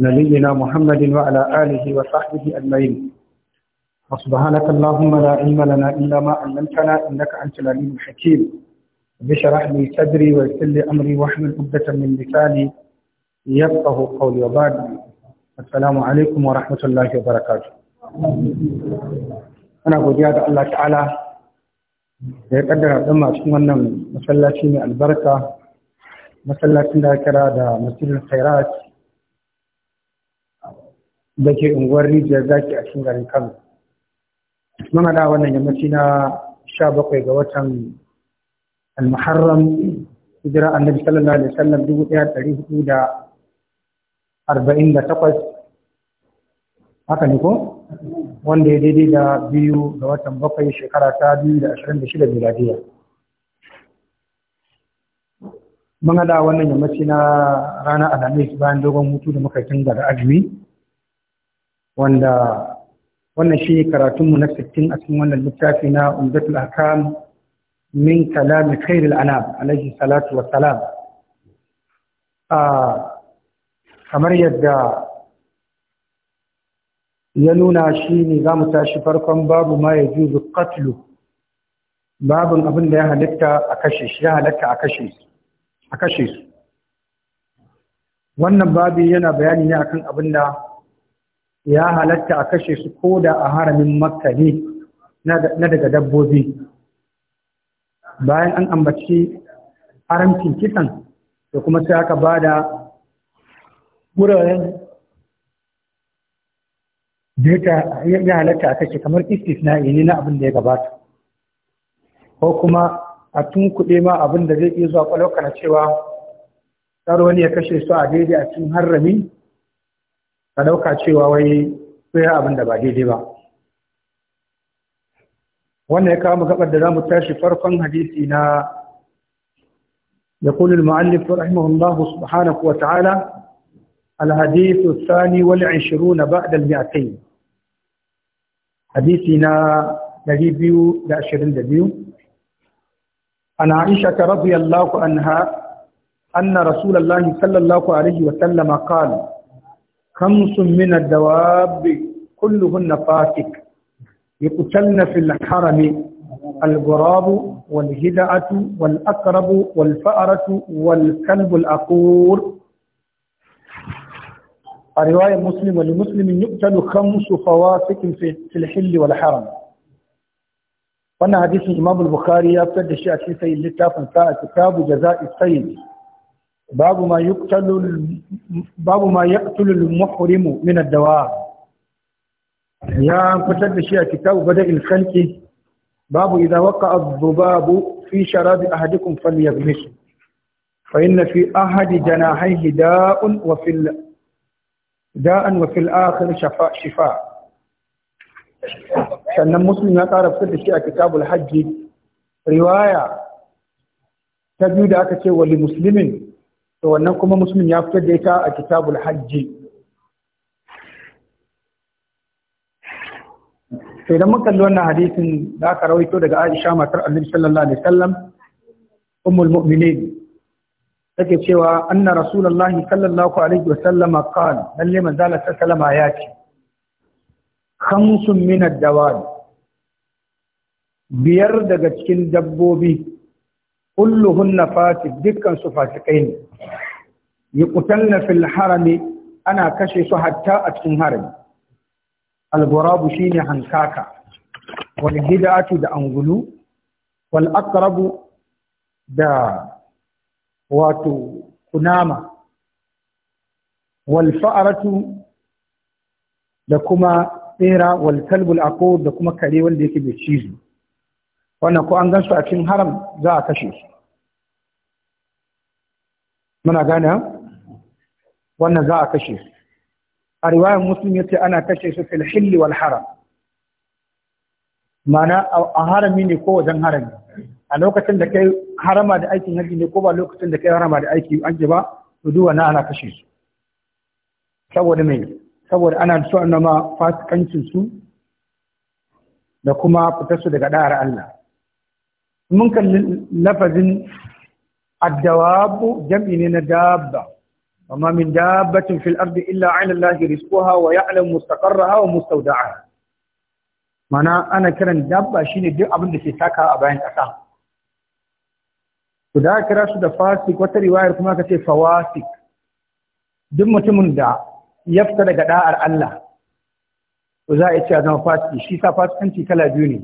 نبينا محمد وعلى آله وصحبه أجمعين وسبحانك اللهم لا علم لنا إلا ما علمتنا إنك أنت العليم الحكيم بشرح لي صدري ويسر لي أمري واحمل عقدة من لساني يفقه قولي وبعد السلام عليكم ورحمة الله وبركاته أنا يا الله تعالى da ya kaddara ɗan masu wannan masallaci mai albarka masallacin da da ke unguwar rijiyar zaki a cikin garin kano muna da wannan yammaci na sha bakwai ga watan al-maharram al-muharram hijira annabi sallallahu alaihi wasallam dubu ɗaya ɗari hudu da arba'in da takwas haka ne ko wanda ya daidai da biyu ga watan bakwai shekara ta biyu da ashirin da shida miladiya mun haɗa wannan yammaci na ranar alhamis bayan dogon hutu da muka tun daga azumi wanda wannan shi karatunmu na sittin a cikin wannan littafi na umdatul akam min kalami khairul anam alaihi salatu wa salam kamar yadda ya nuna shi ne za mu tashi farkon babu ma ya juzu qatlu babin abin da ya halitta a kashe shi ya halitta a kashe su wannan babu yana bayani ne akan abin da ya halatta a kashe su ko da a haramin makka ne na daga dabbobi bayan an ambaci haramcin kisan da kuma sai aka ba da wuraren da ya halatta a kashe kamar istisna'i ne na abin da ya gabata ko kuma a tun kuɗe ma abin da zai iya zuwa kwalauka na cewa tsaro ne ya kashe su a daidai a cikin harami ka ɗauka cewa wai tsaye abin da ba daidai ba wannan ya kama gaba da za mu tashi farkon hadisi na da kulin ma'allif rahimahullahu subhanahu wa ta'ala alhadisu sani wal 20 na ba'dal mi'atain hadisi na 222 an aisha ta radiyallahu anha anna rasulullahi sallallahu alaihi wa sallama qala خمس من الدواب كلهن فاتك يقتلن في الحرم الغراب والهدعة والأقرب والفأرة والكلب الأقور رواية مسلم ولمسلم يقتل خمس فواتك في الحل والحرم وانا حديث الإمام البخاري يفتد الشيء في سيد لتافن كتاب جزاء السيد باب ما يقتل باب ما يقتل المحرم من الدواء يا كتب الشيء كتاب بدء الخلق باب إذا وقع الذباب في شراب أحدكم فليغمسه فإن في أحد جناحيه داء وفي داء وفي الآخر شفاء شفاء كان المسلم ya ƙara fitar كتاب الحج رواية تجد أكثر ولمسلمين to wannan kuma musulmin ya fitar da ita a kitabul hajji Sai da mun kalli wannan hadisin da aka rawaito daga Aisha matar Annabi sallallahu alaihi wasallam ummul mu'minin take cewa anna rasulullahi sallallahu alaihi wasallam qala lalle manzala sallama ya ce khamsun min ad-dawab biyar daga cikin dabbobi kulluhunna fasik dukkansu su fasikai ne na fil harami ana kashe su hatta a cikin harami al shine hankaka Wani Hidatu da angulu Wani aqrabu da wato kunama wal fa'aratu da kuma tsera wal kalbul aqud da kuma kare wanda yake da cizo wannan ko an gansu a cikin haram za a kashe su muna gane wannan za a kashe su a riwayar ya ce ana kashe su fil hilli wal haram mana a harami ne ko wajen harami a lokacin da kai harama da aikin haji ne ko ba lokacin da kai harama da aiki an ba su duwa na ana kashe su saboda mai saboda ana so annama fasikancin su da kuma fitar su daga da'ar Allah mun kalli lafazin addawabu jam'i ne na dabba amma min dabbatin fil ardi illa ala Allah rizquha wa ya'lamu mustaqarraha wa mustawda'aha mana ana kiran dabba shine duk abin da ke taka a bayan ƙasa to da kira su da fasik wata riwayar kuma ka ce fawasik duk mutumin da ya fita daga da'ar Allah to za a yi cewa zama fasiki shi sa fasikanci kala biyu ne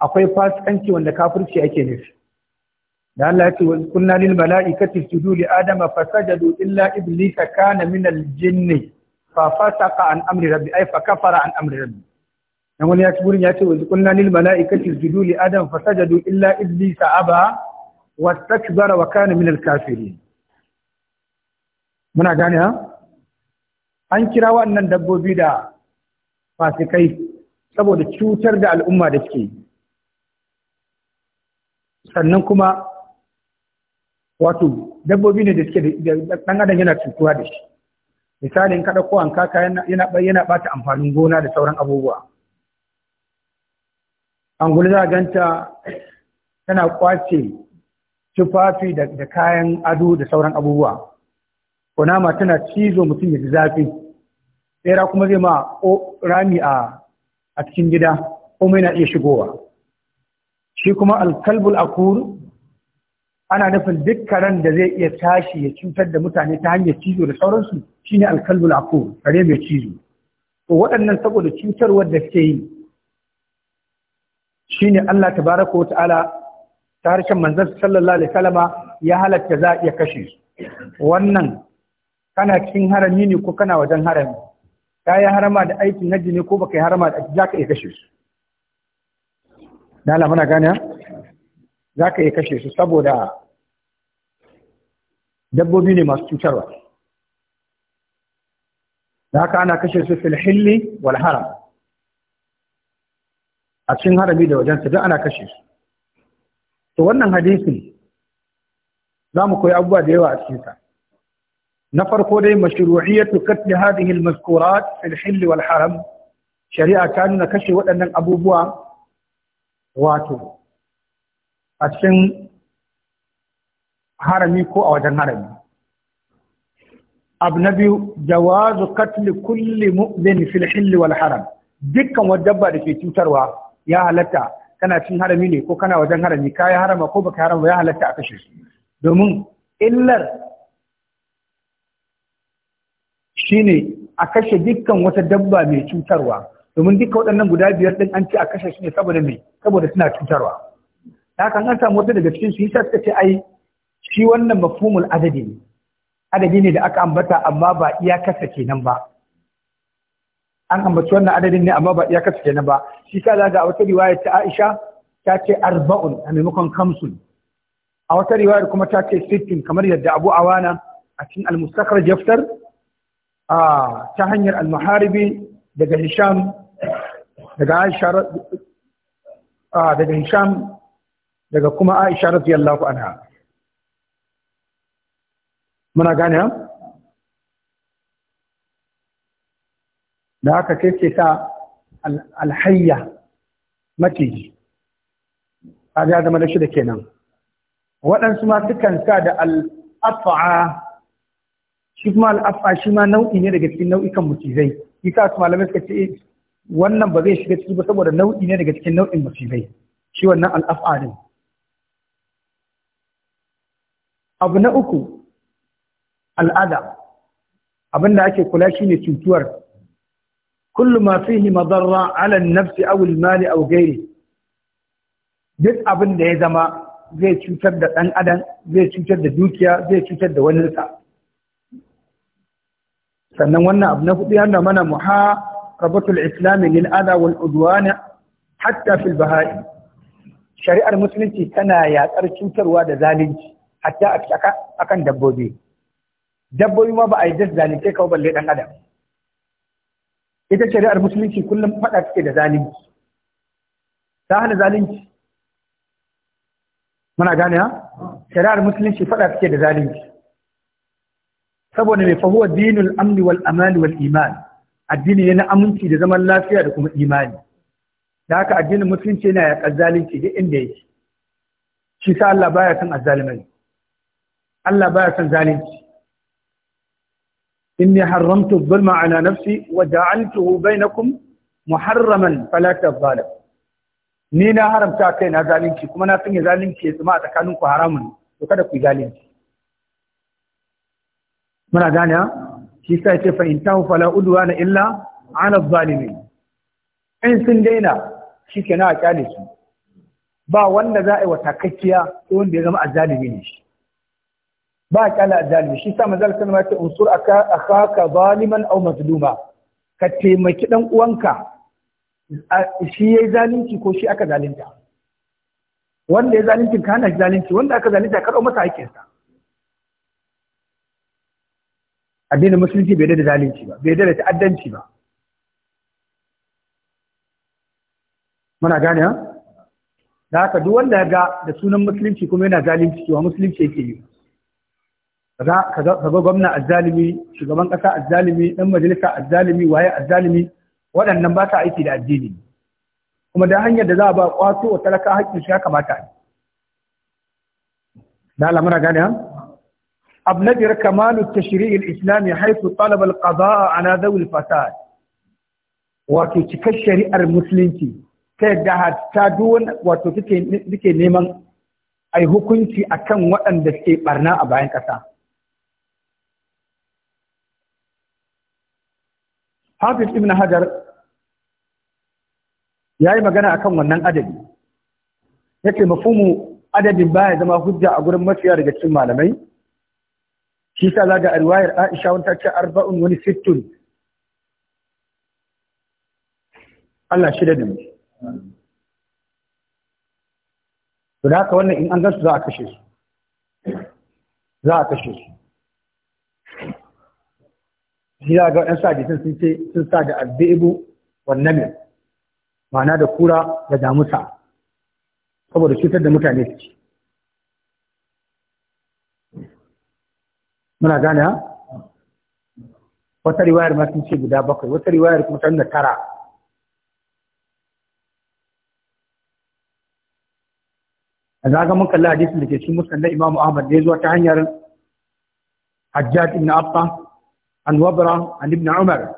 akwai fasikanci wanda kafirci ake nufi da Allah ya ce wa kunna lil mala'ikati isjudu li adama fasajadu illa iblisa kana min al jinni fa fasaqa an amri rabbi ay fa kafara an amri rabbi dan wani ya ci ya ce wa kunna lil mala'ikati isjudu li adama fasajadu illa iblisa aba wastakbara wa kana min al kafirin muna gane ha an kira wannan dabbobi da fasikai saboda cutar da al'umma da suke yi sannan kuma wato dabbobi ne da suke da ɗan adam yana cutuwa da shi misali in kaɗa kowan kaka yana ɓata amfanin gona da sauran abubuwa an guli za ganta tana kwace tufafi da kayan ado da sauran abubuwa kunama tana cizo mutum ya ji zafi tsera kuma zai ma rami a cikin gida kuma yana iya shigowa shi kuma alkalbul akur ana nufin duk karen da zai iya tashi ya cutar da mutane ta hanyar cizo da sauransu shine alkalbul akur kare mai cizo to waɗannan saboda cutarwar da suke yi shine Allah baraka wa ta'ala ta harshen manzan sallallahu alaihi salama ya halatta za iya kashe su wannan kana cikin harami ne ko kana wajen harami ka yi harama da aikin hajji ne ko baka yi harama da aiki za ka iya kashe su Lala muna gane za ka iya kashe su saboda dabbobi ne masu cutarwa. Za ka ana kashe su filhilli hilli wal haram. A cikin harami da wajen sadu ana kashe su. To wannan hadisi za mu koyi abubuwa da yawa a cikinsa. Na farko dai mashru'iyyatu tukar da al-mazkurat fil hilli wal haram. Shari'a ta nuna kashe waɗannan abubuwa wato a cikin harami ko a wajen harami abu na biyu jawazu katli kulli mu'min fil hilli wal haram dukkan dabba da ke cutarwa ya halatta kana cin harami ne ko kana wajen harami ka yi harama ko baka harama ya halatta a kashe shi. domin illar shine a kashe dukkan wata dabba mai cutarwa domin duka waɗannan guda biyar ɗin an ce a kashe shi ne saboda mai saboda suna cutarwa haka an samu wasu daga cikin su yasa suka ce ai shi wannan mafhumul adadi ne adadi ne da aka ambata amma ba iyakarsa kenan ba an ambaci wannan adadin ne amma ba iyakarsa kenan ba shi ka zaga a wata riwaya ta Aisha ta ce arba'un a maimakon kamsun a wata riwayar kuma ta ce sittin kamar yadda Abu Awana a cikin al-Mustakhraj Jaftar ta hanyar al-Muharibi daga Hisham daga aisha a daga hisham daga kuma aisha radiyallahu anha muna gane ha da haka sai ce ta alhayya maciji a ya zama da kenan waɗansu ma sukan sa da al'afa'a shi kuma al'afa'a shi ma nau'i ne daga cikin nau'ikan mucizai. yi ka su malamai suka ce wannan ba zai shiga ciki ba saboda nau'i ne daga cikin nau'in musibai shi wannan al'af'alin abu na uku al'ada abinda ake kula shi ne cutuwar kullum ma fihi madarra ala nafsi aw mali aw duk abin da ya zama zai cutar da ɗan adam zai cutar da dukiya zai cutar da wani sannan wannan abu na kuɗi yana mana muha rabatul islami lil adha wal udwana hatta fil bahai shari'ar musulunci tana yaƙar cutarwa da zalunci hatta akan dabbobi dabbobi ma ba a yi da zalunce kawai balle dan adam ita shari'ar musulunci kullum faɗa take da zalunci ta hana zalunci muna gane ha shari'ar musulunci faɗa take da zalunci saboda mai fahuwa dinul amni wal wal iman addini ne na aminci da zaman lafiya da kuma imani da haka addinin musulunci yana ya zalunci duk inda yake shi sa Allah baya son azzalimai Allah baya son zalunci inni haramtu zulma ala nafsi wa ja'altuhu bainakum muharraman fala tazalim ni na haramta kai na zalunci kuma na sanya zalunci ya tsuma a tsakaninku haramun to kada ku zalunci muna gane shi sa ce fa in tahu fala udwana illa ala zalimin in sun daina shi kenan a kyale su ba wanda za a yi wa takakkiya wanda ya zama azalimi ne shi ba a kyale azzalimi shi sa manzal sallallahu ma ya ce unsur akhaka zaliman aw mazluma ka taimaki dan uwanka shi yayi zalunci ko shi aka zalunta wanda ya zalunci ka hana zalunci wanda aka zalunta ka dau masa haƙƙinsa addinin musulunci bai da zalunci ba bai da ta'addanci ba muna gane da haka duk wanda ya ga da sunan musulunci kuma yana zalunci cewa musulunci yake yi ka ga gwamna azzalimi shugaban kasa azzalimi dan majalisa azzalimi waye azzalimi waɗannan ba ta aiki da addini kuma da hanyar da za a ba kwato wa talaka haƙƙin shi ya kamata ne da alamuna gane ha abu na biyar kamalu tashri'il islami haifu talab al-qada'a ala zawil wato cikar shari'ar musulunci ta yadda hatta duwan wato suke neman ai hukunci akan waɗanda suke barna a bayan ƙasa hafiz ibn hajar ya yi magana akan wannan adabi yake mafhumu adabin baya zama hujja a gurin mafiya daga cikin malamai shi sa zaga a riwayar Aisha wani ta ce arba'un wani sittun Allah shida da mu su da haka wannan in an gansu za a kashe su za a kashe su shi za ga ɗansa sa jikin sun ce sun sa da albebu wannan ne ma'ana da kura da damusa saboda cutar da mutane su ci muna gane wata riwayar ma sun ce guda bakwai wata riwayar kuma tana tara a zaga mun kalli hadisin da ke cikin musulun Imam imamu ahmad da ya zuwa ta hanyar hajjaj ibn abba an wabra an ibn umar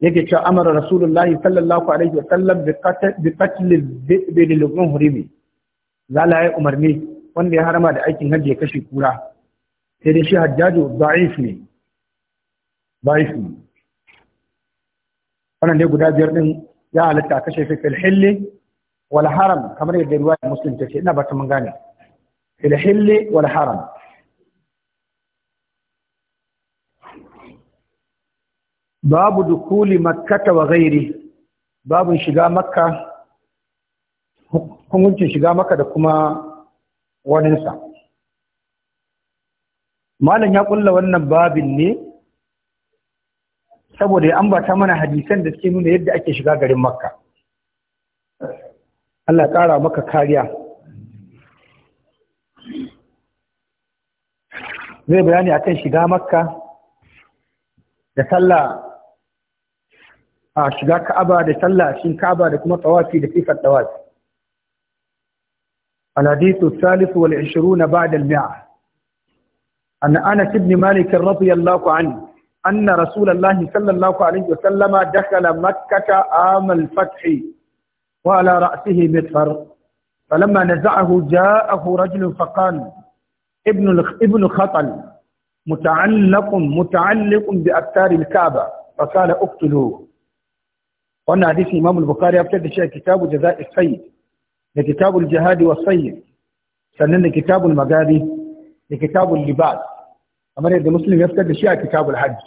yake cewa amara rasulullah sallallahu alaihi wa sallam bi qatl dhi'bi lil muhrimi zala umarni wanda ya harama da aikin hajji ya kashe kura sai dai shi hajjaju za'if ne za'if ne wannan dai guda biyar din ya halatta kashe fi fil wal haram kamar yadda musulun muslim ce ina ba ta mun gane filhille wal haram babu dukuli makkata wa ghairi babu shiga makka hukuncin shiga makka da kuma waninsa malam ya kulla wannan babin ne saboda ya ambata mana hadisan da suke nuna yadda ake shiga garin makka Allah kara maka kariya zai bayani akan shiga makka da sallah a shiga ka'aba da sallah shin ka'aba da kuma tawafi da sifar tawafi al-hadithu thalith wal 20 ba'da al-mi'ah أن أنس بن مالك رضي الله عنه أن رسول الله صلى الله عليه وسلم دخل مكة عام الفتح وعلى رأسه مطفر فلما نزعه جاءه رجل فقال ابن ابن خطل متعلق متعلق بأكتار الكعبة فقال اقتلوه وأنا حديث الإمام البخاري أبتدى ya كتاب جزاء السيد a الجهاد Jaza'i Sayyid كتاب kitabul da kitabul libas kamar yadda muslim ya fitar da shi a kitabul hajj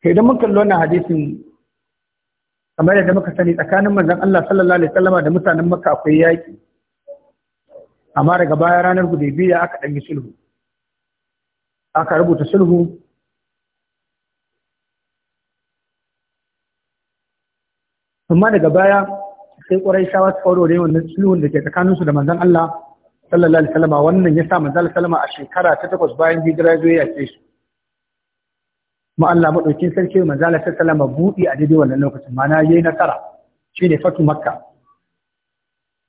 kai idan mun kalli wannan hadisin kamar yadda muka sani tsakanin manzon Allah sallallahu alaihi wasallama da mutanen Makka akwai yaki amma daga baya ranar Hudaybiya aka dangi sulhu aka rubuta sulhu amma daga baya sai ƙwarai shawa su kawo da yawan sulhun da ke tsakaninsu da manzon Allah sallallahu alaihi wasallam wannan ya sa manzon sallama a shekara ta takwas bayan hijira zo ya ce shi ma Allah madaukin sarki manzon sallama buɗi a daidai wannan lokacin mana yayi nasara shine fatu makka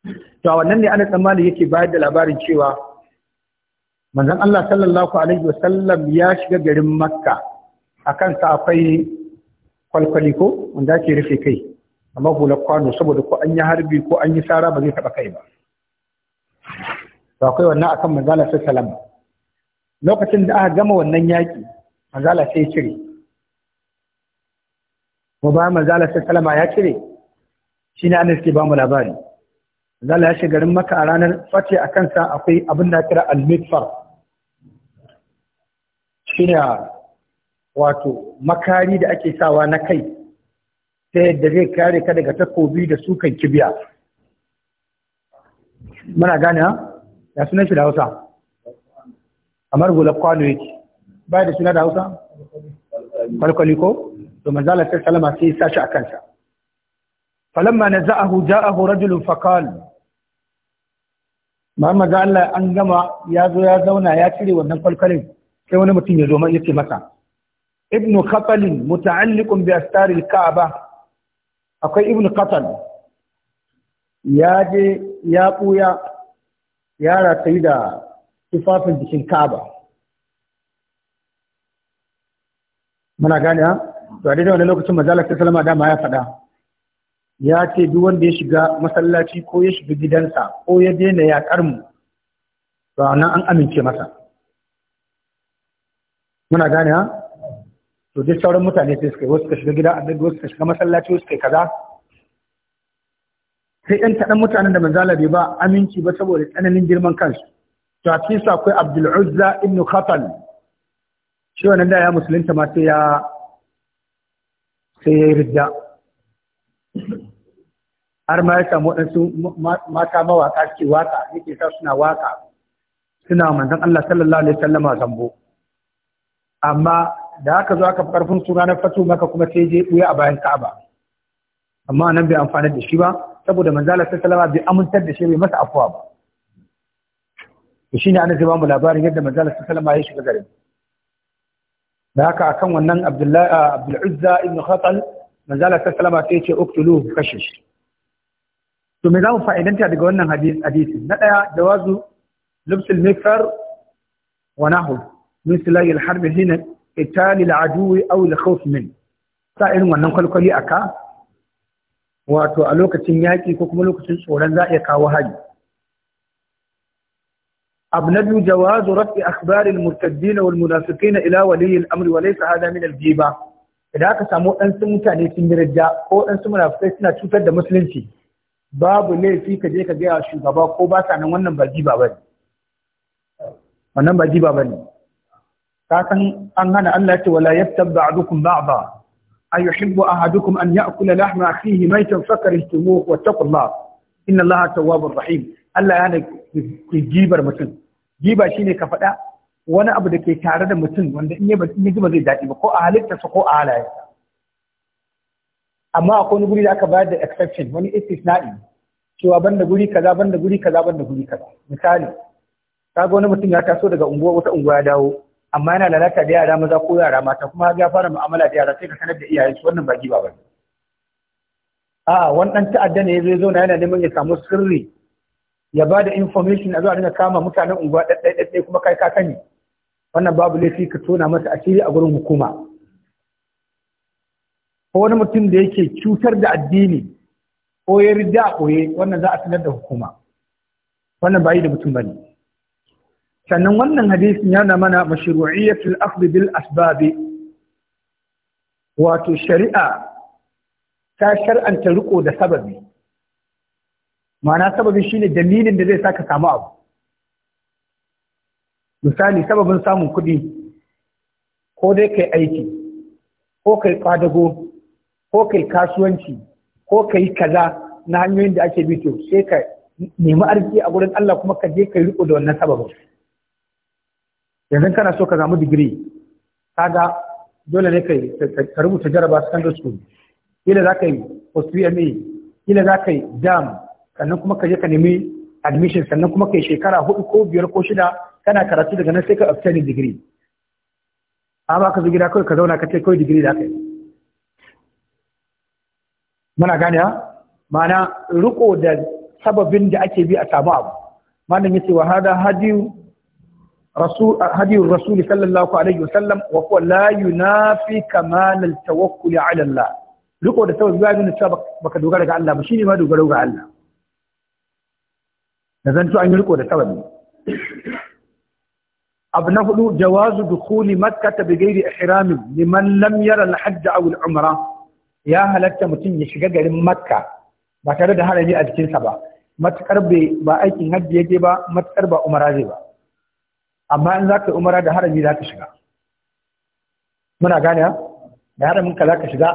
to a wannan ne ana tsammani yake bayar da labarin cewa manzon Allah sallallahu alaihi wasallam ya shiga garin makka akan sa akwai kwalkwali ko wanda ake rufe kai amma hular kwano saboda ko an yi harbi ko an yi sara ba zai taɓa kai ba to akwai wannan akan manzala sai salama lokacin da aka gama wannan yaƙi manzala sai ya cire mu ba manzala sai salama ya cire shi ne annabi ke ba mu labari manzala ya shiga garin makka a ranar Fati a kansa akwai abin da kira al-mitfar shi ne wato makari da ake sawa na kai ta yadda zai kare ka daga takobi da sukan kibiya muna gane ha ya sunan shi da hausa kamar gula kwano yake ba da suna da hausa kwalkwali ko to manzala ta salama sai sa shi a kansa falamma na za'ahu ja'ahu rajulun faqal Muhammad Allah an gama ya zo ya zauna ya cire wannan kwalkwalin sai wani mutum ya zo mai yake masa ibnu qatalin muta'alliqun bi astaril ka'aba akwai ibnu qatal ya je ya buya Yara ta yi da tufafin jikin kaba muna gane ha to a daidai wani lokacin mazalar ta salama dama ya faɗa ya ce duk wanda ya shiga masallaci ko ya shiga gidansa ko ya daina ya karmu to nan an amince masa muna gane ha to duk sauran mutane sai suka wasu ka shiga gida annabi wasu ka shiga masallaci wasu yi kaza sai ɗan kaɗan mutanen da manzala bai ba aminci ba saboda tsananin girman kansu to a cikin akwai Abdul Uzza ibn Khatal shi wannan da ya musulunta ma sai ya sai ya ridda har ma ya samu waɗansu mata mawaƙa suke waƙa yake sa suna waƙa suna manzan Allah sallallahu alaihi wasallama zambo amma da haka zo aka karfin suna ranar fatu maka kuma sai je ɓuya a bayan Ka'aba amma nan bai amfani da shi ba saboda manzala ta salama bai amintar da shi bai masa afuwa ba to shine ana zai bamu labarin yadda manzala ta salama ya shiga garin da haka akan wannan abdullahi abdul uzza ibn khatal manzala ta salama sai ce uktulu kashe shi to me zamu fa'idanta daga wannan hadisi na daya jawazu lubsul mikfar wa nahu min silahi al-harb hina itali al-adu aw al-khawf min sa irin wannan kwalkwali aka wato a lokacin yaƙi ko kuma lokacin tsoron za a iya kawo hari abu na biyu jawazu rafi akhbarin murtaddina wal munafiqina ila waliyil amri wa laysa hada min al ghiba idan aka samu waɗansu mutane sun yi ko ko waɗansu munafiqai suna cutar da musulunci babu laifi ka je ka gaya shugaba ko ba sa nan wannan ba bane wannan ba bane ka san an hana Allah ya ce wala yattabba ba'dukum ba'da أيحب أحدكم أن يأكل لحم أخيه ميتا فكرهتموه واتقوا الله إن الله تواب رحيم Allah ya ku jibar mutum giba shine ka faɗa wani abu da ke tare da mutum wanda in yi ji ba zai daɗi ba ko a halittarsa ko a halayensa amma akwai wani guri da aka bayar da exception wani istisna'i cewa banda guri kaza banda guri kaza banda guri kaza misali kaga wani mutum ya taso daga unguwa wata unguwa ya dawo amma yana lalata da yara maza ko yara mata kuma ya fara mu'amala da yara sai ka sanar da iyaye su wannan ba giba bane a wani dan ta'adda ne zai zo na yana neman ya samu sirri ya ba da information a zuwa dinga kama mutanen unguwa ɗaɗɗai kuma kai ka sani wannan babu laifi ka tona masa asiri a gurin hukuma ko wani mutum da yake cutar da addini ko ya rida a koye wannan za a sanar da hukuma wannan ba yi da mutum ba ne. sannan wannan hadisin na mana mashru'iyyatul akhdh bil asbab wato shari'a ta shar'anta riko da sababi ma'ana sababi shine dalilin da zai saka samu abu misali sababin samun kuɗi ko dai kai aiki ko kai kwadago ko kai kasuwanci ko kai kaza na hanyoyin da ake bi to sai ka nemi arziki a gurin Allah kuma ka je ka riko da wannan sababin yanzu kana so ka zamu digiri kaga dole ne kai ka rubuta jaraba secondary school kila za ka yi post PMA kila za ka yi dam sannan kuma ka je ka nemi admission sannan kuma ka yi shekara hudu ko biyar ko shida kana karatu daga nan sai ka obtain degree amma ka zo gida kawai ka zauna ka ce kawai digiri za ka yi muna gane ma'ana riko da sababin da ake bi a samu abu malam yace wa hada hadiyu rasul hadi rasul sallallahu alaihi wasallam wa huwa na fi kamal al a ala Allah riko da tawakkul ba ne cewa baka dogara ga Allah ba shine ma dogaro ga Allah da zanto an yi riko da tawakkul abu na hudu jawazu dukuli makkata bi gairi ihramin liman lam yara al-hajj aw al-umra ya halatta mutum ya shiga garin makka ba tare da harami a jikinsa ba matakar ba aikin hajji yake ba matakar ba umara zai ba amma in za ka umara da harami za ka shiga muna gane da haramin ka za ka shiga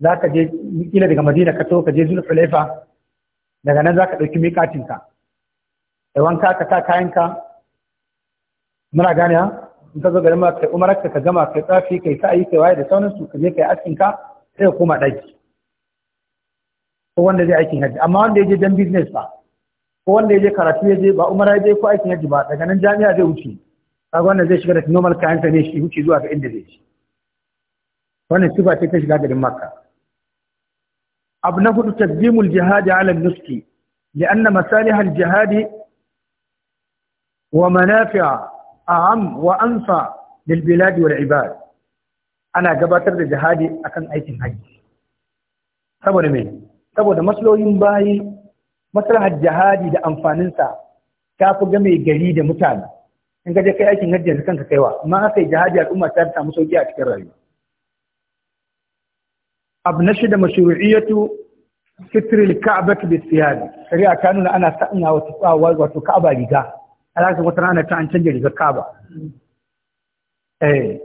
za ka je ila daga madina ka ka je zuwa filaifa daga nan za ka ɗauki katinka, da wanka ka ta kayanka muna gane in ka zo garin ma kai umarar ka gama kai tsafi kai sa'ayi kai waye da sauransu ka je kai askinka sai ka koma ɗaki ko wanda zai aikin hajji amma wanda ya je dan business ba ko wanda ya je karatu ya je ba umara ya je ko aikin yaji ba daga nan jami'a zai wuce kaga wanda zai shiga da normal kayan ta ne shi wuce zuwa ga inda zai ci wannan sifa ce ta shiga garin makka abu na hudu taqdimul jihadi ala nuski لأن مسالح الجهاد ومنافع أعم وأنفع للبلاد Ana gabatar da jihadi akan aikin حج saboda me saboda maslolin bayi maslahar jihadi da amfaninsa ta fi ga mai gari da mutane in gaje je kai aikin hajji yanzu kanka kaiwa amma aka yi jihadi al'umma ta samu sauki a cikin rayuwa abu na shida mashru'iyatu fitril ka'bati da siyadi shari'a ta nuna ana sanya wato wato ka'aba riga alaka wata rana ta an canja rigar ka'aba eh.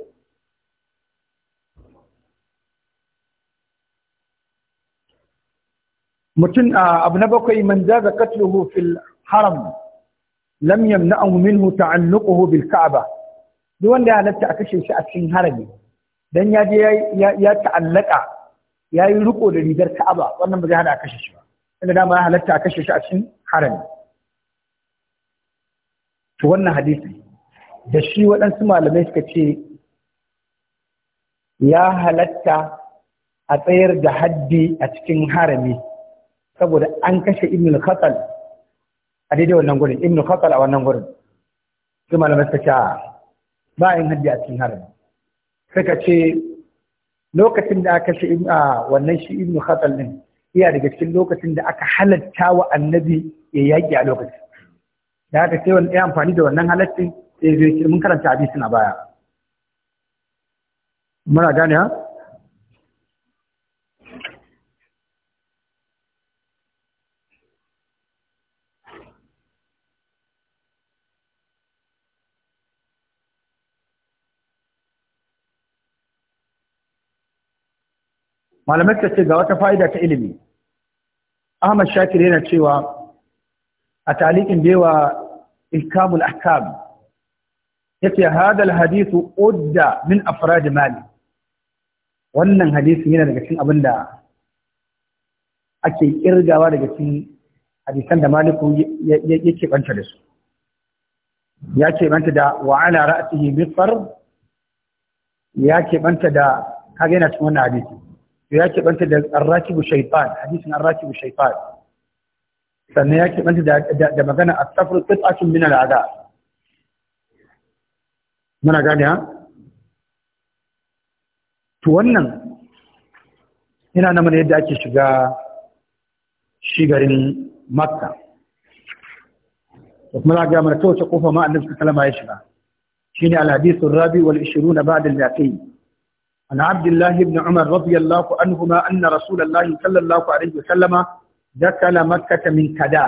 mutum abu na bakwai man jaza katluhu fil haram lam yamna'u minhu ta'alluquhu bil ka'aba duk wanda ya halatta a kashe shi a cikin harami dan ya je ya ta'allaka ya yi riko da rigar ka'aba wannan ba zai hana a kashe shi ba inda dama ya halatta a kashe shi a cikin harami to wannan hadisi da shi waɗansu malamai suka ce ya halatta a tsayar da haddi a cikin harami saboda an kashe ibn khatal a daidai wannan gurin ibn khatal a wannan gurin sai malamai suka ce ba yin haddi a cikin harin. suka ce lokacin da aka kashe wannan shi ibn khatal din iya daga cikin lokacin da aka halatta wa annabi ya yaƙi a lokacin da aka ce wani ya amfani da wannan halaccin sai zai mun karanta hadisi na baya muna gane ha malamai ta ce ga wata fa'ida ta ilimi ahmad shakir yana cewa a talikin bewa ilkamul akam ahkam ce hadal hadisu udda min afradi mali wannan hadisin yana daga cin abin da ake kirgawa daga cin hadisan da maliku ke banta da su ya ke banta da wa'ala ra'atihi bisfar ya ke banta da kaga yana cikin wannan hadisi to ya keɓanta da arrakibu shaifan hadisin arrakibu shaifan sannan ya keɓanta da magana a safar tsatsun min al'ada muna gane ha to wannan yana na mana yadda ake shiga shigarin makka da kuma za ga mana ta wace kofa ma annabi kalama ya shiga shine al-hadithu rabi wal 20 ba'da al-mi'atayn عن عبد الله بن عمر رضي الله عنهما أن رسول الله صلى الله عليه وسلم دخل مكة من كذا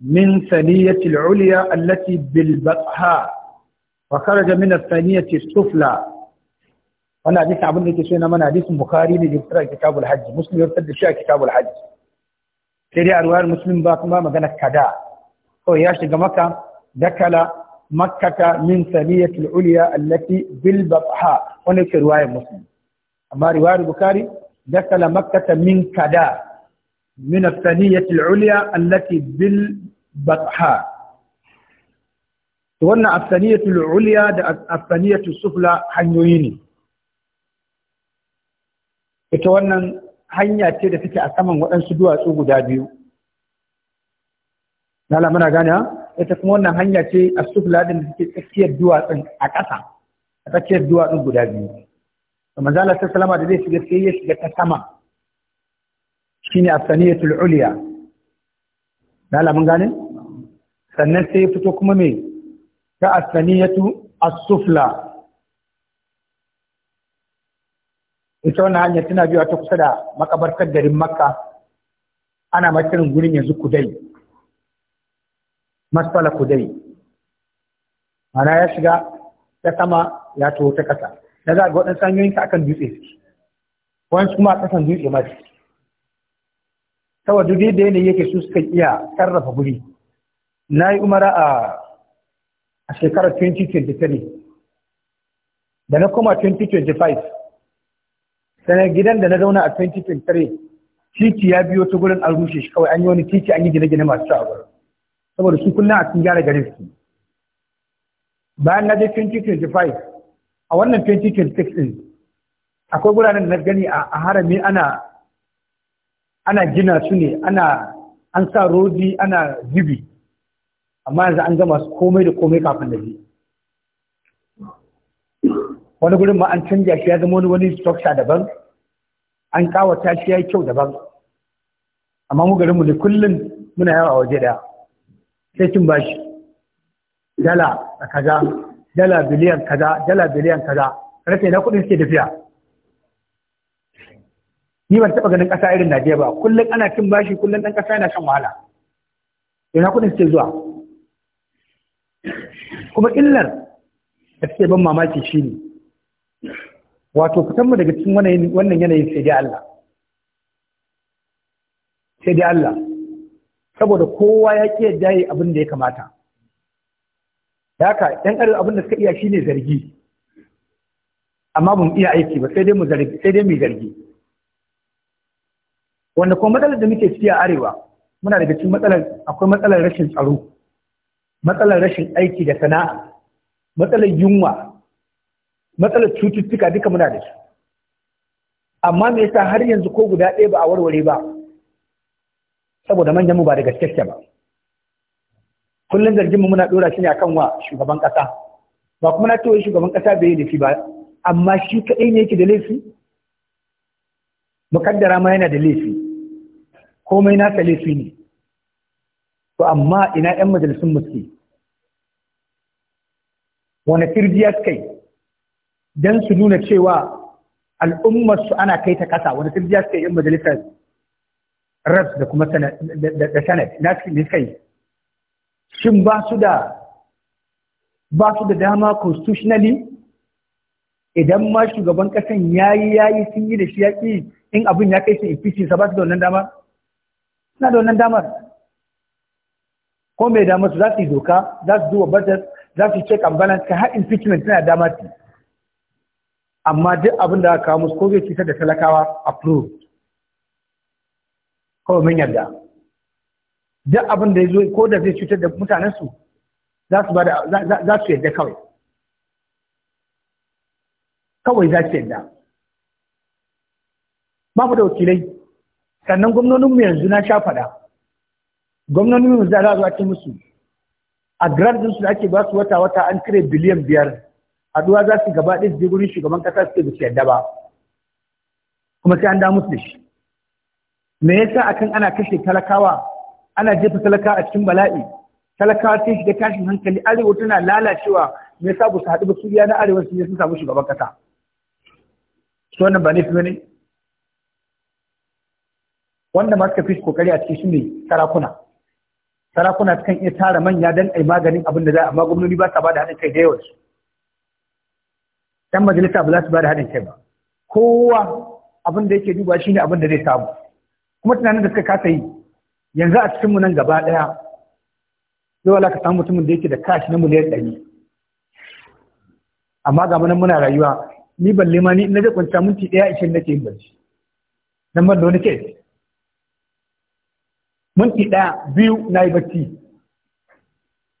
من ثنية العليا التي بالبطحاء وخرج من الثنية السفلى وانا حديث عبد الله كسوينا من حديث بخاري لجبترى كتاب الحج مسلم يرتد الشيء كتاب الحج سيدي أرواح المسلم باكما مغانا كذا هو ياشي مكة دخل makkata min saniyatul ulya allati bil babha wani ke riwayar muslim amma riwayar bukari dakala makkata min kada min saniyatul ulya allati bil babha to wannan asaniyatul ulya da asaniyatul sufla hanyoyi ne ita wannan hanya ce da take a saman waɗansu duwatsu guda biyu. Lala muna gane ita kuma wannan hanya ce a sufla din da take tsakiyar duwatsun a ƙasa a tsakiyar duwatsun guda biyu da manzala ta salama da zai shiga sai ya shiga ta sama shine as-saniyatul ulya dala mun gane sannan sai ya fito kuma me ta as-saniyatu as-sufla ita wannan hanya tana biyu ta kusa da makabartar garin makka ana makirin gurin yanzu kudai masfala kudai ana ya shiga ta sama ya tuwo ta kasa na za ga waɗansu hanyoyin ka akan dutse su wani kuma a kasan dutse ma suke saboda duk da yanayi yake su suka iya sarrafa guri na yi umara a shekarar 2023 da na koma 2025 sai gidan da na zauna a 2023 titi ya biyo ta gurin an rushe shi kawai an yi wani titi an yi gine-gine masu tsawo saboda su kullum a cikin gyara garin su bayan na je 2025 a wannan 2026 din akwai guraren da na gani a harami ana ana gina su ne ana an sa rodi ana zibi amma yanzu an gama su komai da komai kafin da ji wani gurin ma an canja shi ya zama wani wani structure daban an kawata shi ya yi kyau daban amma mu garinmu ne kullum muna yawa a waje daya sai cin bashi dala a kaza dala biliyan kaza dala biliyan kaza rasa na kuɗin suke tafiya ni ban taɓa ganin ƙasa irin Najeriya ba kullum ana cin bashi kullum ɗan ƙasa yana shan wahala na kuɗin suke zuwa kuma illar da take ban mamaki shine wato mu daga cikin wannan yanayin sai dai Allah sai dai Allah saboda kowa ya ƙi yadda yi abin da ya kamata haka 'yan ƙarfi abin da suka iya shi ne zargi amma mun iya aiki ba sai dai mu zargi zargi wanda kuma matsalar da muke ciki a arewa muna daga cikin matsalar akwai matsalar rashin tsaro matsalar rashin aiki da sana'a matsalar yunwa matsalar cututtuka duka muna da su amma me yasa har yanzu ko guda ɗaya ba a warware ba saboda manyan mu ba da gaske ba kullum zargin mu muna dora shi ne akan wa shugaban kasa ba kuma na to shugaban kasa bai yi laifi ba amma shi kadai ne yake da laifi mukaddara ma yana da laifi komai nasa laifi ne to amma ina yan majalisun muske wani firjiya kai don su nuna cewa al'ummar su ana kai ta kasa wani firjiya kai yan majalisar rafs da kuma da sanad na cikin kai. suka yi shin ba su da ba su da dama constitutionally idan ma shugaban kasan yayi yayi sun yi da shi yaki in abin ya kai su impeachment sa ba su da wannan dama suna da wannan damar ko mai damar su za su yi doka za su duba budget za su check and balance ka har impeachment tana dama su amma duk abin da aka kawo musu ko zai cutar da talakawa approve kawai mun yarda duk abin da ya zo ko da zai cutar da mutanensu za su za su yarda kawai kawai za su yarda ba mu da wakilai sannan mu yanzu na sha faɗa mu za a zuwa musu a grandin da ake ba su wata-wata an kire biliyan biyar haɗuwa za su gaba ɗaya su je gurin shugaban ƙasa su ke ba su yarda ba kuma sai an da musu da shi me yasa akan ana kashe talakawa ana jefa talaka a cikin bala'i talakawa sai shiga tashin hankali arewa tana lalacewa me yasa ba su haɗu ba suriya na arewa su sun samu shugaban kasa su wannan ba nufi ne wanda ma suka fi kokari a cikin shi ne sarakuna sarakuna sukan iya tara manya don a yi maganin abin da za amma gwamnoni ba sa ba da haɗin kai da yawansu ɗan majalisa ba za su ba da haɗin kai ba kowa abin da yake duba shi ne abin da zai samu kuma tunanin da suka kasa yi yanzu a cikinmu nan gaba ɗaya sai wala ka samu mutumin da yake da kashi na miliyan ɗari amma ga nan muna rayuwa ni balle ma ni na zai kwanta minti ɗaya ishirin nake yin barci nan ban da wani kes minti ɗaya biyu na yi barci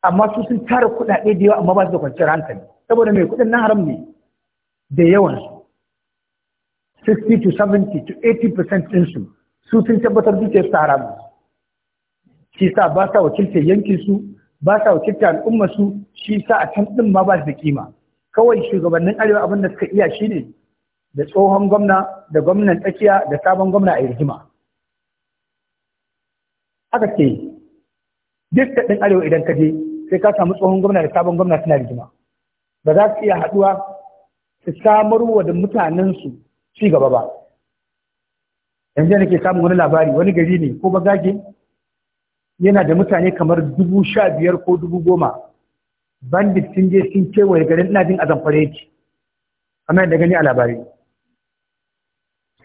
amma su sun tara kuɗaɗe da yawa amma ba su da kwanciyar hankali saboda mai kuɗin na haram ne da yawan 60 to 70 to 80 percent ɗinsu su sun tabbatar dukiyar su haram shi sa ba sa wakiltar yankin su ba sa wakiltar al'ummar su shi sa a can din ma ba su da kima kawai shugabannin arewa abin da suka iya shine da tsohon gwamna da gwamnan tsakiya da sabon gwamna a rigima haka ce duk da din arewa idan ka je sai ka samu tsohon gwamna da sabon gwamna suna rigima ba za su iya haɗuwa su samar wa mutanen mutanensu ci gaba ba yanzu ke samun wani labari wani gari ne ko gage yana da mutane kamar dubu sha biyar ko dubu goma bandit sun je sun kewaye garin ina jin azamfare yake amma da gani a labari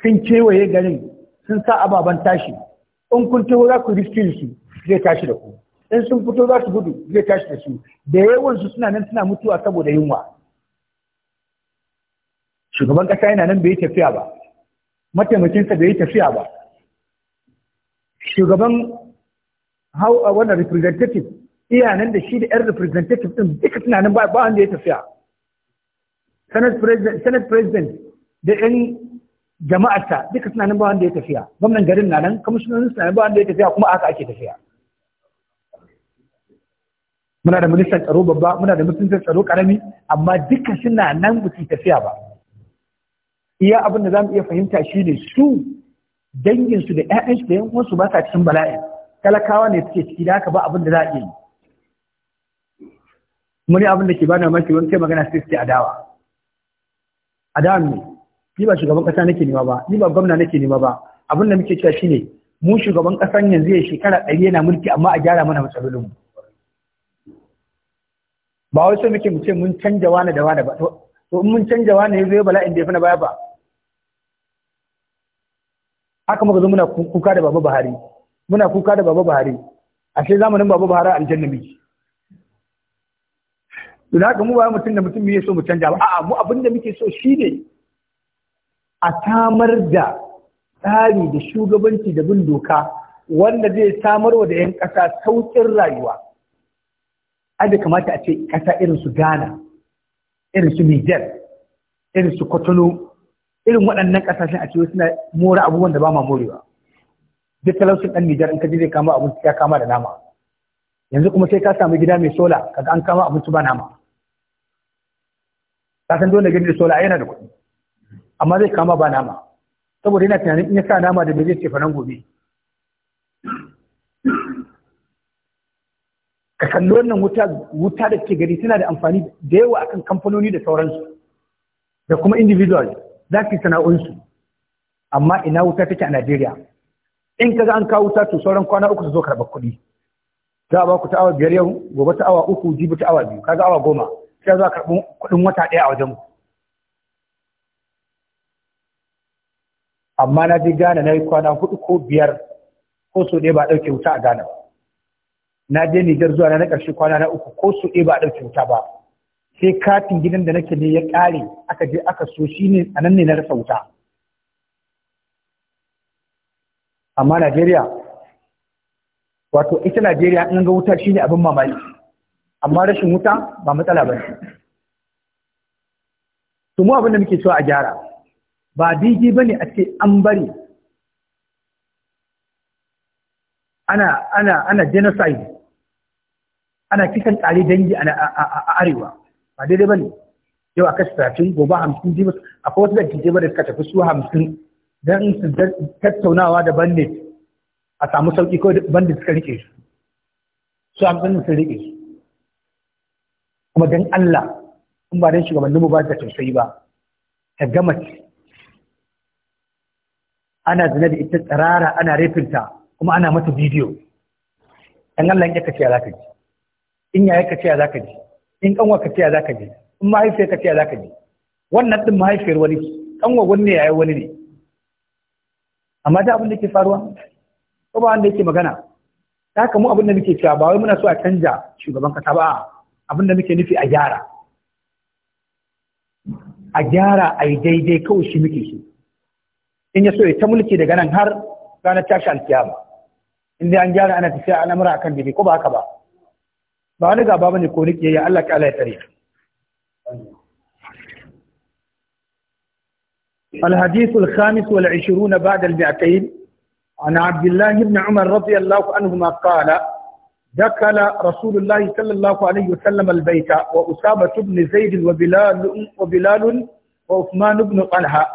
sun kewaye garin sun sa ababen tashi in kun taho za ku riskin su zai tashi da ku in sun fito za su gudu zai tashi da su da yawan su suna nan suna mutuwa saboda yunwa shugaban kasa yana nan bai tafiya ba mataimakinsa bai yi tafiya ba shugaban hau a wannan representative iyanan da shi da yan representative din duka tunanin ba wanda ya tafiya senate president da yan jama'arta duka tunanin ba wanda ya tafiya gwamnan garin na nan kamishinonin tunanin ba wanda ya tafiya kuma aka ake tafiya muna da ministan tsaro babba muna da ministan tsaro karami amma duka suna nan ba tafiya ba iya abin da za mu iya fahimta shi ne su danginsu da 'ya'yansu da yankunsu ba sa cikin bala'in talakawa ne suke ciki da haka ba abin da za a iya yi muni abin da ke bana maki wani kai magana sai suke adawa adawa ne ni ba shugaban ƙasa nake nema ba ni ba gwamna nake nema ba abin da muke cewa ne, mu shugaban ƙasan yanzu ya shekara ɗari yana mulki amma a gyara mana matsalolinmu ba wai sai muke mu ce mun canja wani da wani ba to mun canja wani ya zo bala'in da ya fi na baya ba haka muka zo muna kuka da baba Buhari muna kuka da baba Buhari ashe zamanin baba Buhari aljanna miki to da haka mu ba mutum da mutum ya so mu canja ba a'a mu abinda muke so shine a samar da tsari da shugabanci da bin doka wanda zai samar wa da 'yan ƙasa sauƙin rayuwa. ajiye kamata a ce ƙasa irin su Ghana, irin su Niger irin su Kotonu, irin waɗannan ƙasashen a cewa suna mora abubuwan da ba ma morewa duk talaucin ɗan Nijar in ka je zai kama abinci ya kama da nama yanzu kuma sai ka samu gida mai sola kaga an kama abinci ba nama ka san dole gani da sola yana da kuɗi amma zai kama ba nama saboda yana tunanin in ya sa nama da bai zai ce faran gobe ka kalli wannan wuta da ke gari tana da amfani da yawa akan kamfanoni da sauransu da kuma individual za ki yi amma ina wuta take a Najeriya in ka ga an kawo wuta to sauran kwana uku su zo karɓar kuɗi za a ba ku ta awa biyar yau gobe ta awa uku jibi ta awa biyu kaga awa goma sai za a karɓi kuɗin wata ɗaya a wajen ku amma na je Ghana na yi kwana hudu ko biyar ko so ɗaya ba ɗauke wuta a Ghana ba na je Nijar zuwa na ƙarshe kwana na uku ko su ba a ɗauki wuta ba sai katin gidan da nake ne ya ƙare aka je aka so shi ne a nan ne na rasa wuta amma Najeriya wato ita Najeriya in ga wuta shi ne abin mamaki amma rashin wuta ba matsala ba to mu abin da muke cewa a gyara ba daidai ne a ce an bari ana ana genocide ana kisan tsari dangi a arewa ba daidai ba ne yau a kashe talatin gobe hamsin jibi akwai wasu da tije da suka tafi su hamsin don su tattaunawa da bandit a samu sauƙi ko bandit suka rike su su hamsin sun rike su kuma don Allah kuma ba don mu ba da tausayi ba ta gama ana zina da ita tsarara, ana rafinta kuma ana mata bidiyo ɗan Allah ya kace ya za ka ji in yaya ka ce za ka je in kanwa ka ce za ka je in mahaifiyar ka ce za ka je wannan din mahaifiyar wani kanwa wani ne yaya wani ne amma da abin da ke faruwa ko ba wanda yake magana haka mu abin da muke cewa ba wai muna so a canja shugaban kasa ba abin da muke nufi a gyara a gyara a yi daidai kawai shi muke shi in ya so ya ta mulki daga nan har ranar tashi alkiyama in dai an gyara ana tafiya al'amura akan daidai ko ba haka ba ba wani gaba bane ko ni kiyayya Allah ta'ala ya الحديث الخامس والعشرون بعد المئتين عن عبد الله بن عمر رضي الله عنهما قال دخل رسول الله صلى الله عليه وسلم البيت وأسامة بن زيد وبلال وبلال وعثمان بن طلحة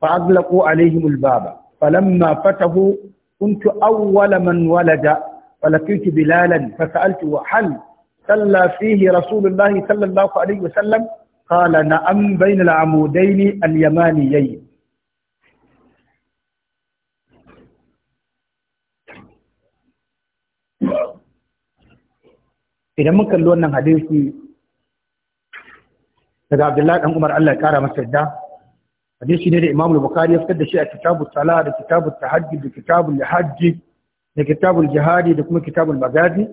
فأغلقوا عليهم الباب فلما فتحوا كنت أول من ولد فلقيت بلالا فسألته هل صلى فيه رسول الله صلى الله عليه وسلم قال نعم بين العمودين اليمانيين idan mun kalli wannan hadisi daga Abdullahi dan Umar Allah ya kara masa yadda hadisi ne da Imam Bukhari ya fitar da shi a kitabu Salah da kitabu Tahajjud da kitabu Hajj da kitabu Jihadi da kuma kitabu Magazi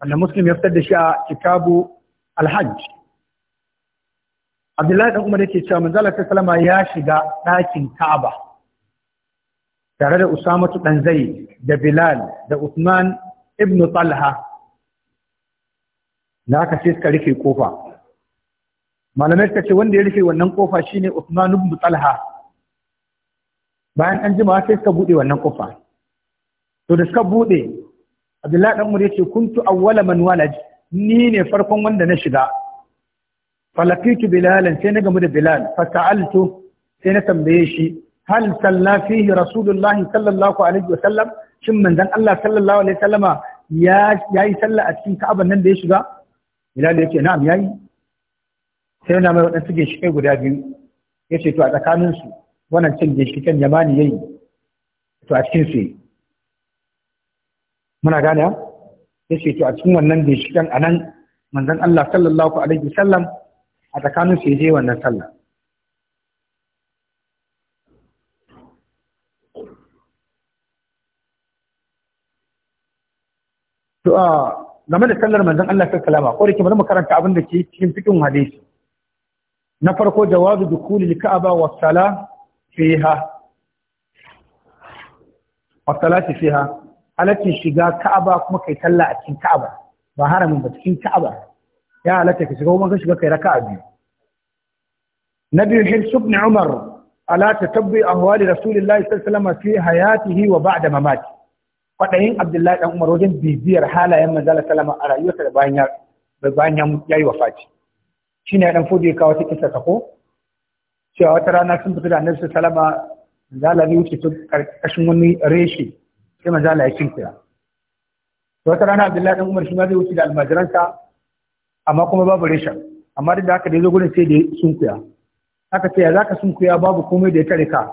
wanda muslim ya fitar da shi a kitabu alhajj abdullahi dan umar yake cewa manzo Allah sallama ya shiga ɗakin ka'aba tare da usama Ɗanzai, da bilal da usman ibn talha da aka sai suka rufe kofa malamai suka ce wanda ya rufe wannan kofa shine usman ibn talha bayan an jima sai suka bude wannan kofa to da suka bude abdullahi dan umar yace kuntu awwala man walad ni ne farkon wanda na shiga falakitu bilalan sai na gamu da bilal fasa'altu sai na tambaye shi hal salla fihi rasulullahi sallallahu alaihi wa sallam shin manzon Allah sallallahu alaihi wa wasallama ya yi sallah a cikin Ka'aba nan da ya shiga bilal yace na'am yayi sai na mai wadansu ginshikai guda biyu yace to a tsakaninsu su wannan cin ginshikan yamani yayi to a cikin su muna gane ya ce to a cikin wannan binciken a nan manzan Allah sallallahu alaihi wasallam a tsakanin su je wannan sallah to a game da sallar manzan Allah sallallahu alaihi wasallam ko da kuma mu karanta abin da ke cikin fikin hadisi na farko da jawazu dukulil ka'aba was sala fiha Wa salati fiha halatta shiga ka'aba kuma kai sallah a cikin ka'aba ba haramin ba cikin ka'aba ya halatta ka shiga kuma ka shiga kai raka'a biyu na biyu ibn umar ala tatabbi ahwali rasulillahi sallallahu alaihi wasallam fi hayatihi wa ba'da mamati kwadayin abdullahi dan umar wajen bibiyar halayen manzo sallallahu a rayuwarsa da bayan ya bayan ya yi wafati shine dan fodi ka wata kisa ko cewa wata rana sun fita da annabi sallallahu alaihi wasallam zalali wuce karkashin wani reshe sai manzo Allah ya kinkira to wata rana Abdullahi dan Umar shi ma zai wuce da almajiransa amma kuma babu reshen amma duk da haka da zo gurin sai da sunkuya aka ce ya zaka sunkuya babu komai da ya tare ka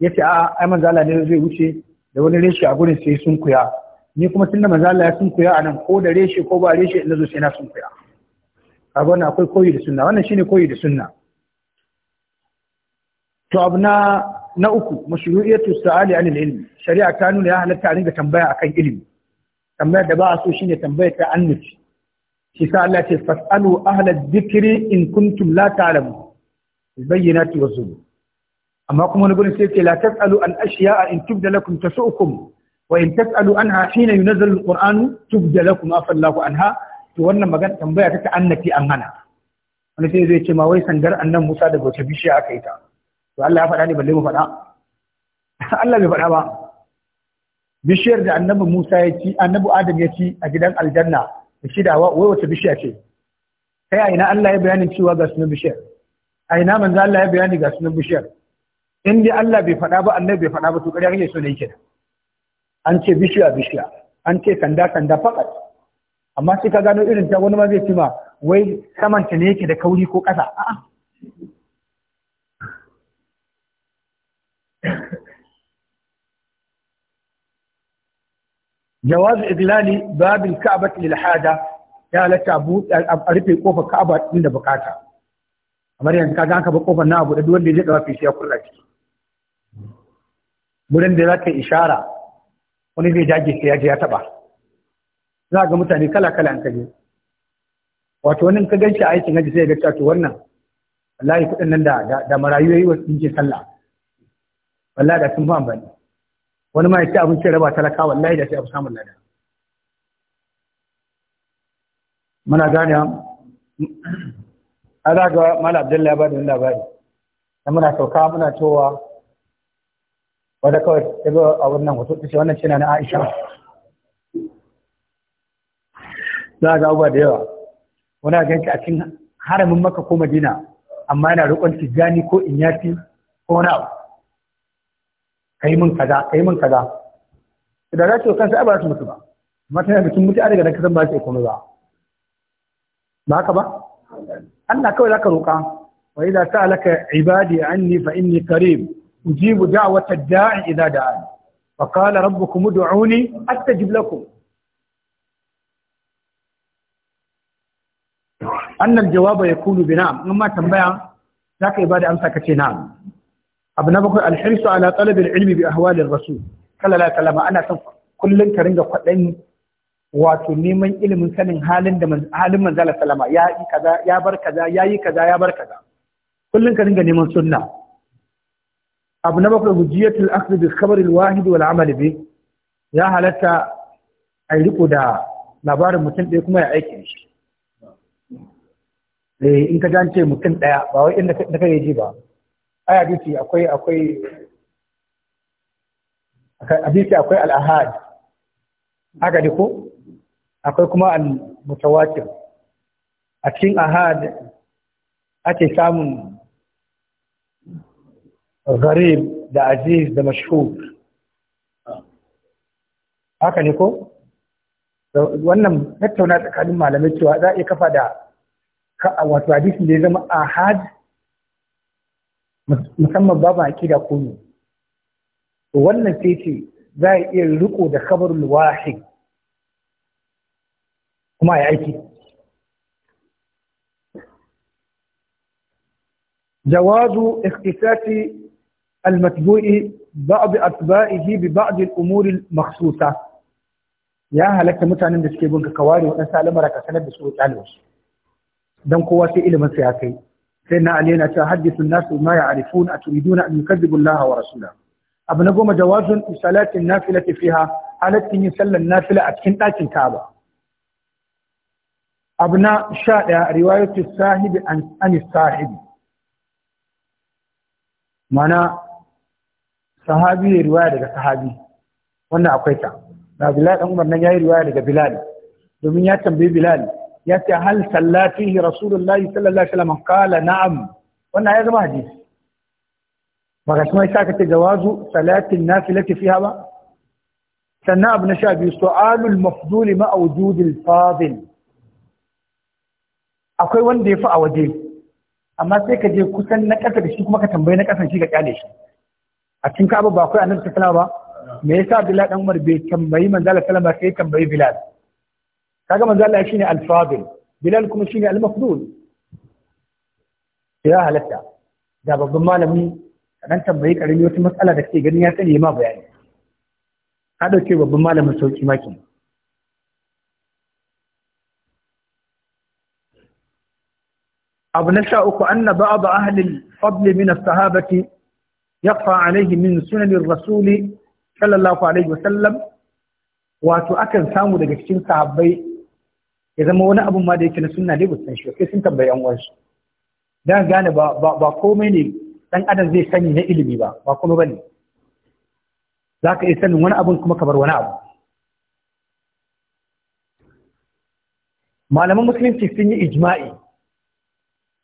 yace a ai manzo Allah ne zai wuce da wani reshe a gurin sai sunkuya ni kuma tunda manzo Allah ya sunkuya anan ko da reshe ko ba reshe ina zo sai na sunkuya kaga wannan akwai koyi da sunna wannan shine koyi da sunna to abu na na uku mashru'iyatu sa'ali anil ilmi shari'a ta nuna ya halatta a ringa tambaya akan ilimi tambayar da ba a so shine tambayar ta annabi. shi sa Allah ce fas'alu ahla dhikri in kuntum la ta'lamu bil bayyinati wa zubur amma kuma wani gurin sai ce la tas'alu an ashiya'a in tubda lakum tasu'ukum wa in tas'alu anha hina yunazzalu alqur'anu tubda lakum afallahu anha to wannan magana tambaya ta ta'annati an hana wani sai zai ce ma wai sandar annan Musa da bauta bishiya aka yi ta to Allah ya faɗa ne balle mu faɗa Allah bai faɗa ba bishiyar da annabi Musa ya ci annabi Adam ya ci a gidan aljanna da shi da wai wata bishiya ce kai a ina Allah ya bayanin cewa ga sunan bishiyar a ina manzo Allah ya bayani ga sunan bishiyar in dai Allah bai faɗa ba annabi bai faɗa ba to kare kake so ne yake an ce bishiya bishiya an ce kanda kanda fakat amma sai ka gano irin ta wani ma zai fi ma wai samanta ne yake da kauri ko ƙasa a'a جواز إدلال باب الكعبة للحاجة ya halatta a rufe kofar ka'aba inda bukata kamar yanzu kaga aka ba kofar na abu da duk wanda ya dawa fiye ya kulla ciki gurin da za ka ishara wani zai dage sai ya ya taba za ga mutane kala kala an wato wani ka ganshi a aikin haji sai ya ga to wannan wallahi kudin nan da marayu yayi wa sun je sallah wallahi da sun fa amfani wani ma ya ci abinci raba talaka wallahi da sai abu samun lada muna gane an za ga mala abdullahi ya bada wani labari da muna sauka muna cewa wadda kawai ta zo a wannan hoto ta ce wannan shi na na aisha za ga abubuwa da yawa wani ganci a cikin haramin maka ko madina amma yana roƙon tijjani ko inyati ko wani abu kai mun kaza kai mun kaza idan za ta kansa ai ba za ta mutu ba amma tana bikin mutu a daga nan kasan ba ta komai ba ba haka ba Allah kawai zaka roƙa wa idza sa'alaka ibadi anni fa inni qarib ujibu da'wata da'i idza da'ani fa qala rabbukum ud'uni astajib lakum annal jawaba yakunu bi na'am amma tambaya zaka ibada amsa kace na'am abu na bakwai alhirsu ala talabin ilmi bi ahwalin rasu. kala la kalama ana son kullum ka ringa kwaɗayin wato neman ilimin sanin halin da halin manzala salama ya yi kaza ya bar kaza ya yi kaza ya bar kaza kullum ka ringa neman sunna abu na bakwai gujiyatul akhdh bil khabaril wa wahid wal amal bi ya halatta ai riko da labarin mutum ɗaya kuma ya aike shi eh, in ka gance mutum ɗaya ba wai inda ka je ba ai hadisi akwai akwai akwai al-ahad ko akwai kuma al-mutawatir a cikin ahad ake samun gharib da aziz da mashhur haka ko wannan tattauna tsakanin malamai cewa za a iya kafa da wato hadisin da ya zama ahad musamman babu akida ko kunu wannan sai ce za a iya riko da khabarul wahid kuma ya aiki jawazu ikhtisasi المتبوع بعض أتباعه ببعض الأمور المخصوصة ya هلك mutanen da suke bunka kawari waɗansu al'amura ka sanar da su wuce alwashi don kowa sai ilimin su ya kai سيدنا علينا تحدث الناس ما يعرفون أتريدون أن يكذبوا الله ورسوله أبو نقوم جواز إسالة النافلة فيها على التنين سل النافلة أتكن آت الكعبة أبنا شائع رواية الساهب عن الساهب معنى صحابي رواية لك صحابي وانا أقيتها لا بلاد أمر نجاي رواية لك بلاد دومينياتا بي بلاد يأتي هل صلى فيه رسول الله صلى الله عليه وسلم قال نعم وانا هذا ما حديث بغاش ما يساك تجواز صلاة النافلة فيها با سنة ابن شاب سؤال المفضول ما وجود الفاضل أقول وان ديفا أوديل أما سيك دي كسن نكتا بشيك ما كتنبين نكتا سنشيك كاليش أتنك أبو باقي أنا بسكنا با نعم. ميسا عبد الله عمر بيت كم بي من ذلك سلام بيت كم بي بلاد kaga manzo Allah shine al-fadil bilal kuma shine al-mafdul ya halatta da babban malami dan tambayi karami wata matsala da kake gani ya sani ma bayani ka dauke babban malamin sauki maki abu na sha uku anna ba'd ahli al-fadl min as-sahabati يقفى عليه من سنن الرسول sallallahu alaihi wasallam wato akan samu daga cikin sahabbai ya zama wani abun ma da yake na sunna dai ba san shi sai sun tambayi yan uwansu dan gane ba ba komai ne dan adam zai sani na ilimi ba ba kuma bane zaka iya sanin wani abun kuma kabar wani abu malaman musulunci sun yi ijma'i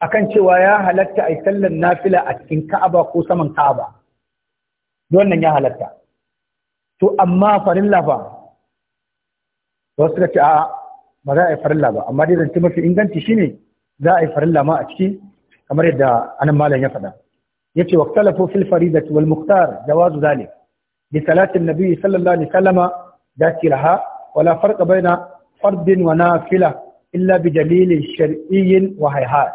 akan cewa ya halatta a sallar nafila a cikin ka'aba ko saman ka'aba wannan ya halatta to amma farin lafa wasu ka ce a ba za a yi farilla ba amma dai zance mafi inganci shine za a yi farilla ma a ciki kamar yadda anan malam ya faɗa yace wa ikhtalafu fil faridati wal muqtar jawazu zalik bi salati nabi sallallahu alaihi da dakiraha wala farqa baina fardin wa nafila illa bi dalilin shar'iyyin wa hayhat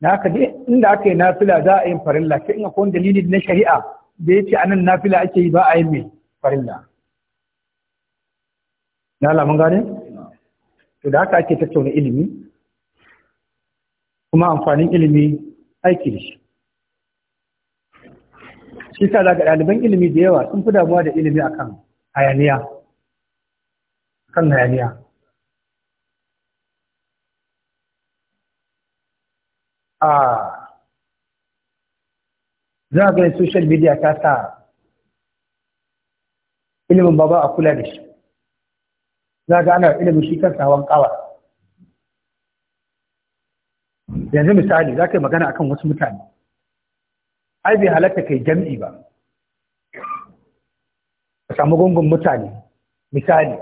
na haka dai inda aka yi nafila za a yi farilla sai in akwai dalili na shari'a da yace anan nafila ake yi ba a yi mai farilla na lamun gane to da haka ake tattauna ilimi kuma amfanin ilimi aiki da shi shi sa daga ɗaliban ilimi da yawa sun fi damuwa da ilimi a kan hayaniya kan hayaniya a za social media ta sa ilimin baba a kula da shi za ga ana ilimin shi kan sawan kawa yanzu misali za ka yi magana akan wasu mutane ai bai halatta kai jam'i ba ka samu gungun mutane misali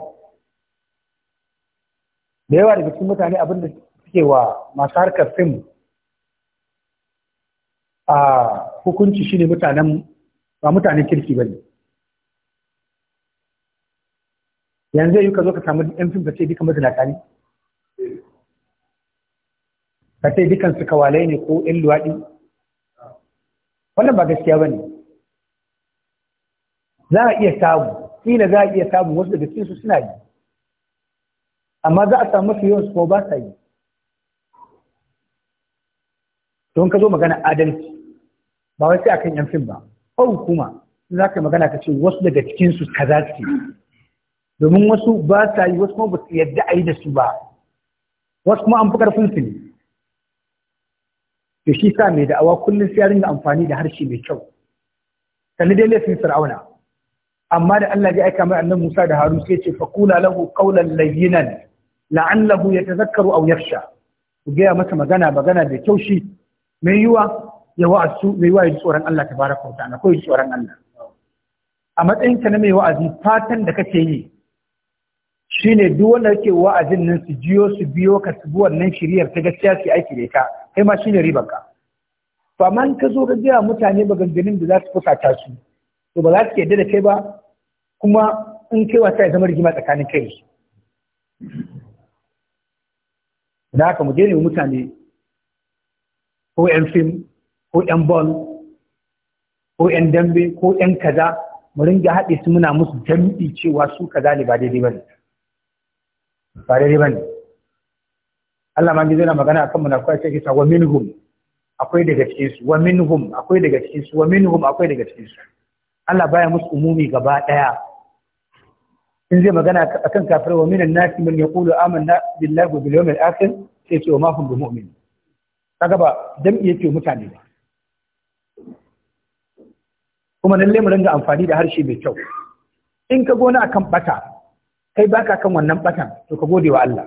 da yawa daga cikin mutane abin da suke wa masu harkar fim a hukunci shine mutanen ba mutanen kirki ba ne yanzu yi ka zo ka samu yan fim ka ce duka mazinata ne ka ce dukan su kawalai ne ko yan luwaɗi wannan ba gaskiya ba ne za a iya samu ƙila za a iya samu wasu daga cikinsu suna yi amma za a samu mafi yawansu kuma ba sa yi don ka zo magana adalci ba wai sai akan yan fim ba ko hukuma za ka magana ka ce wasu daga cikinsu kaza ce domin wasu ba sa yi wasu kuma ba su yadda a yi da su ba wasu kuma an fi karfin su ne to shi sa mai da'awa kullum sai ya ringa amfani da harshe mai kyau sannan dai laifin fir'auna amma da Allah ya aika mai annabi Musa da Harun sai ce, ce kula lahu qawlan layyinan la'allahu yatazakkaru aw yakhsha ku gaya masa magana magana da kyau shi mai yuwa ya wa'azu mai yiwa ya ji Allah tabaraka wa ta'ala ko ya Allah a matsayin ka na mai wa'azi fatan da kake yi shine duk wanda yake wa'azin nan su jiyo su biyo ka su wannan shiriyar ta gaskiya su aiki da ka kai ma shine ribar ka to amma ka zo ka gaya mutane maganganun da za su fusata su to ba za su yarda da kai ba kuma in kai wasa ya zama rigima tsakanin kai da haka mu daina mutane ko 'yan fim ko 'yan ball ko 'yan dambe ko 'yan kaza mu ringa haɗe su muna musu jam'i cewa su kaza ne ba daidai ba ne ba daidai ba ne Allah ma zai na magana akan munafukai sai kisa wa minhum akwai daga cikin su wa minhum akwai daga cikin su wa minhum akwai daga cikin su Allah baya musu umumi gaba daya in zai magana akan kafirai wa minan nasi man yaqulu amanna billahi wa bil yawmil akhir sai ce wa ma hum bimu'min kaga ba dan iya ce mutane ba kuma lalle mu dinga amfani da harshe mai kyau in ka gona akan bata kai baka kan wannan batan to ka gode wa Allah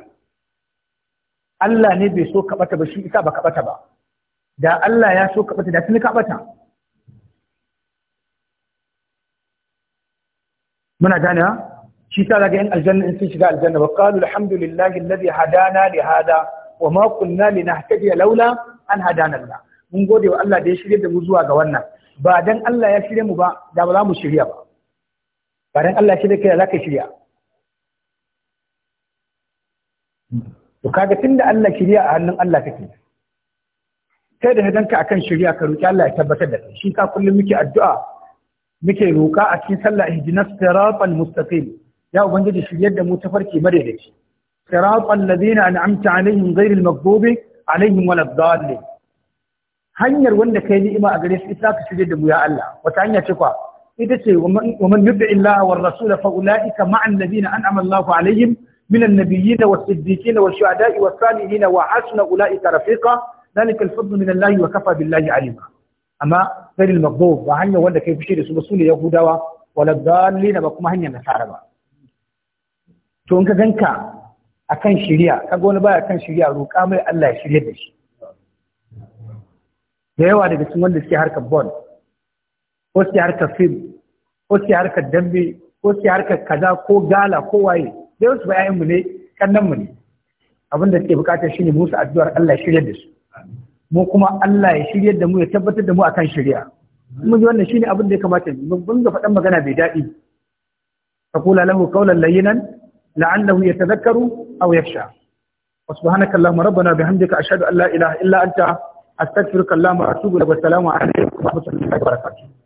Allah ne bai so ka bata ba shi isa ba ka bata ba da Allah ya so ka bata da tuni ka bata muna ha? shi ta daga yan aljanna in sun shiga aljanna ba qalu alhamdulillahi alladhi hadana li hada wa ma kunna linahtadiya laula an hadana Allah mun gode wa Allah da ya shirye da mu zuwa ga wannan ba dan Allah ya shirye mu ba da ba za mu shirya ba ba dan Allah ya shirya kai za ka shirya to kaga tunda Allah shirya a hannun Allah kake kai da hadanka akan shirya ka roki Allah ya tabbatar da kai shi ka kullum muke addu'a muke roka a cikin sallah ihdinas siratal mustaqim ya ubangiji shiryar da mu tafarki madaidaici siratal ladina an'amta alaihim ghairil maghdubi alaihim waladdallin hanyar wanda kai ni'ima a gare su ita ka shirya da mu ya Allah wata hanya ce kwa ita ce wa man yubi illaha war rasul fa ulaika ma'al ladina an'ama Allahu alaihim من النبيين والصديقين والشهداء والصالحين وحسن أولئك رفيقا ذلك الفضل من الله وكفى بالله عليما أما غير المغضوب وهن ولا كيف شيء سبسون يهودا ولا الضالين بكم هن نسارا to in ka ganka akan shari'a kaga wani baya kan shari'a roƙa mai Allah ya shirye da shi da yawa daga cikin wanda suke harka ball ko suke harkar film ko dambe ko kaza ko gala ko waye da wasu bayan mu ne kannan mu ne abin da suke bukata shine musu addu'ar Allah shirya da su mu kuma Allah ya shirya da mu ya tabbatar da mu akan shari'a mun ji wannan shine abin da ya kamata mu bunga faɗan magana bai daɗi faqula lahu qawlan layyinan la'allahu yatadhakkaru aw yakhsha وسبحانك اللهم ربنا بحمدك أشهد أن لا إله إلا أنت أستغفرك اللهم وأتوب إليك والسلام عليكم ورحمة الله وبركاته